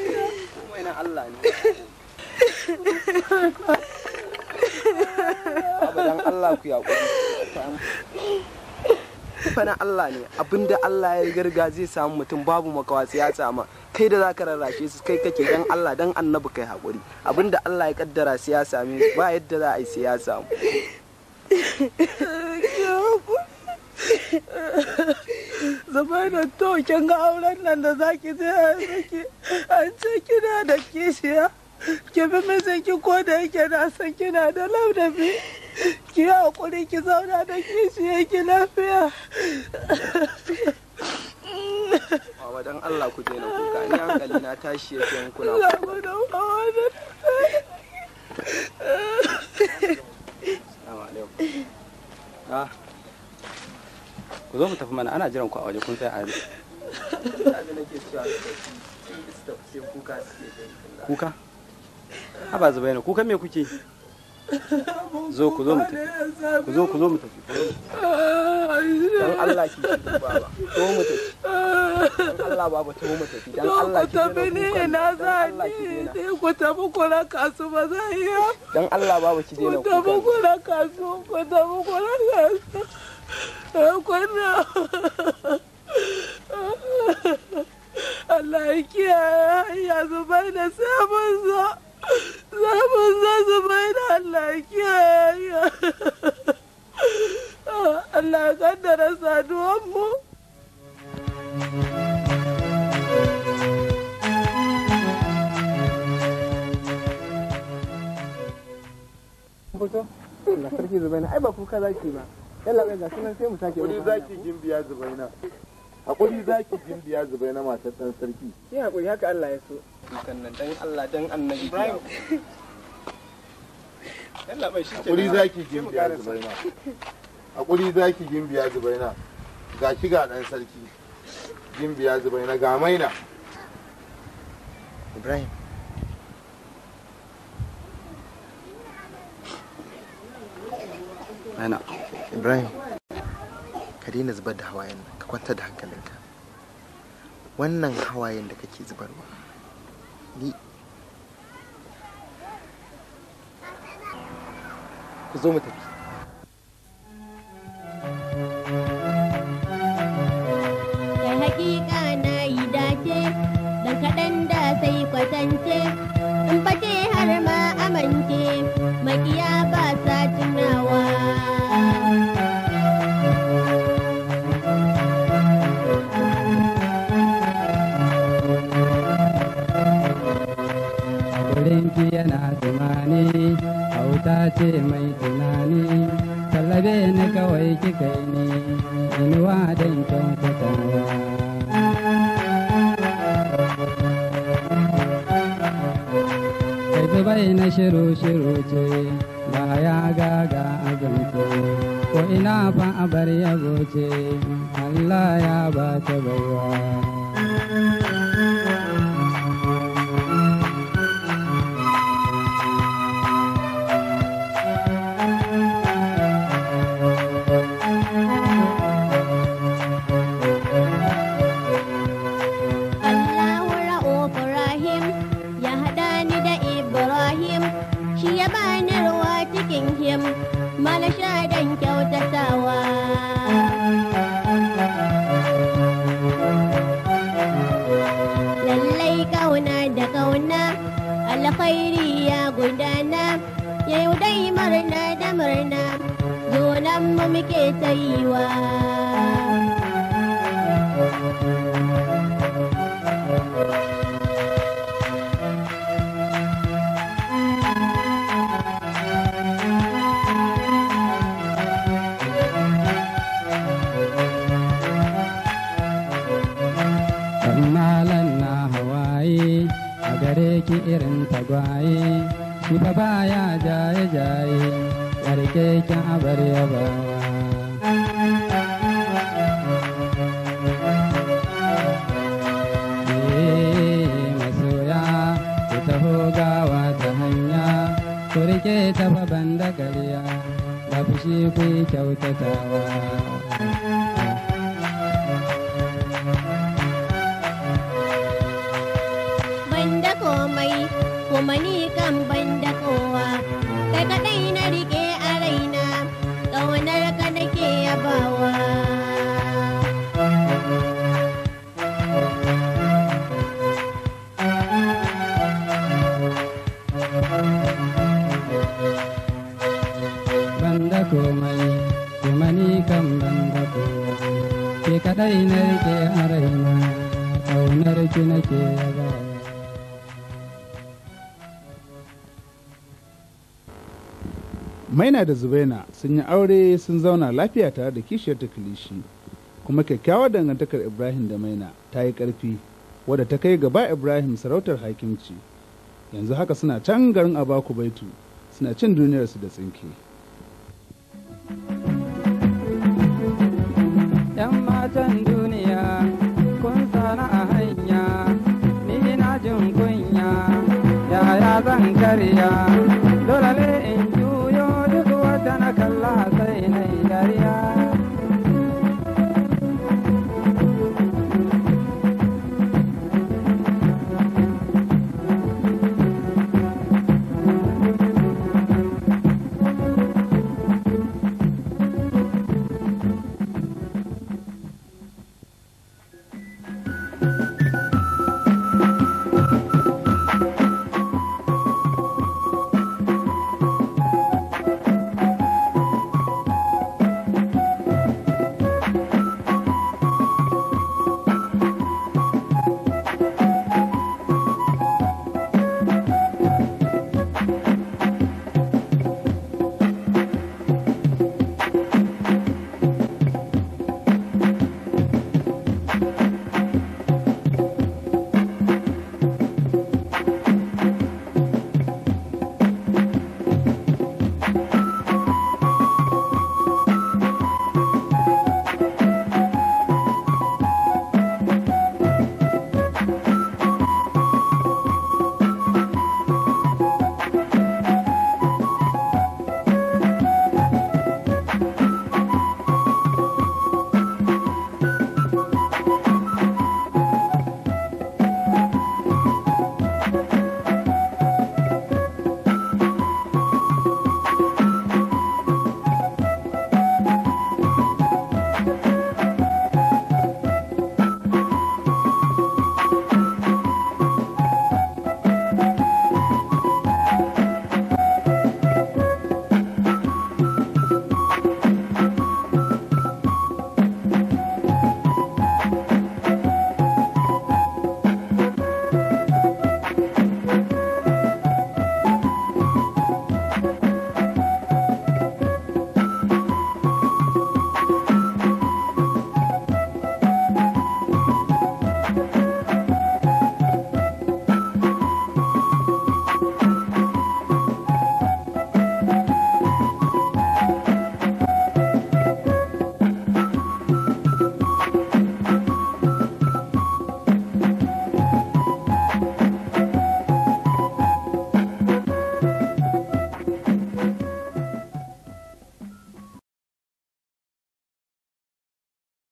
kuma Allah ne abadan Allah ku ya Allah ne abinda Allah ya garga zai samu mutum babu makawa ya sama kai da zaka rarrashe su kai kake dan Allah dan annabi kai hakuri abinda Allah ya kaddara sai ya same ba yadda za a yi sai ya samu zamana to kin ga auren nan da zaki je zaki an ce kina da kishiya ki bi ki ko da yake na san kina da laudabi ki yi hakuri ki zauna da kishiya ki lafiya da Ah. ku zo ku tafi mana ana jiran ku a waje kun tsaya a kuka haba zubaina kuka me kuke zo ku zo mu tafi ku zo ku zo mu tafi dan Allah ki baba ko mu tafi dan Allah baba to mu tafi dan Allah ki tafi ne na zani sai ku tafi ku na kasu ba zai dan Allah baba ki je na ku tafi ku na kasu ku tafi ku na kasu kwanna Allah ya kiyaye ya zubai da sabon zo sabon zo zubai da Allah ya kiyaye Allah ya kaddara saduwan mu Buka, Allah karki zubai na ai ba kuka zaki ba. hakuri zaki gimbiya zubaina hakuri zaki gimbiya zubaina matar dan sarki hakuri haka Allah ya so dan Allah dan annabi Ibrahim yalla bai hakuri zaki gimbiya zubaina ga ɗan sarki gimbiya zubaina ga maina Ibrahim Maina. ibrahim ka daina zubar da hawayen ka kwanta da hankalinka wannan hawayen da kake zubarwa ni ku zo mu tafi ce mai tunani tallabe ni kawai kika ne inuwa don kyautatawa kai bai na shiru-shiru ce ba ya gaga azanto ko ina fa abar yabo ce Allah ya ba ta bayyana zauna da ƙauna alkhairi ya gudana yau dai murna da murna zo nan muke ta yiwa. baye baya jaye-jaye Yarkeken abar yabawa eh, masoya ku taho gawa ta hanya Ku rike taba banda gariya Ba fushi ku kyautatawa mani kan ban da kowa kai kadai na rike a raina ƙaunar ka nake yabawa banda komai kuma ni kan banda komai ke kadai na rike a raina ƙaunar ki nake yabawa maina da zubaina sun yi aure sun zauna lafiya tare da kishiyar ta kilishi kuma kyakkyawar dangantakar ibrahim da maina ta yi ƙarfi wadda ta kai gaba ibrahim sarautar hakimci yanzu haka suna can garin abaku baitu suna cin duniyar su da tsinke yan matan duniya kun a hanya nina yaya zan karya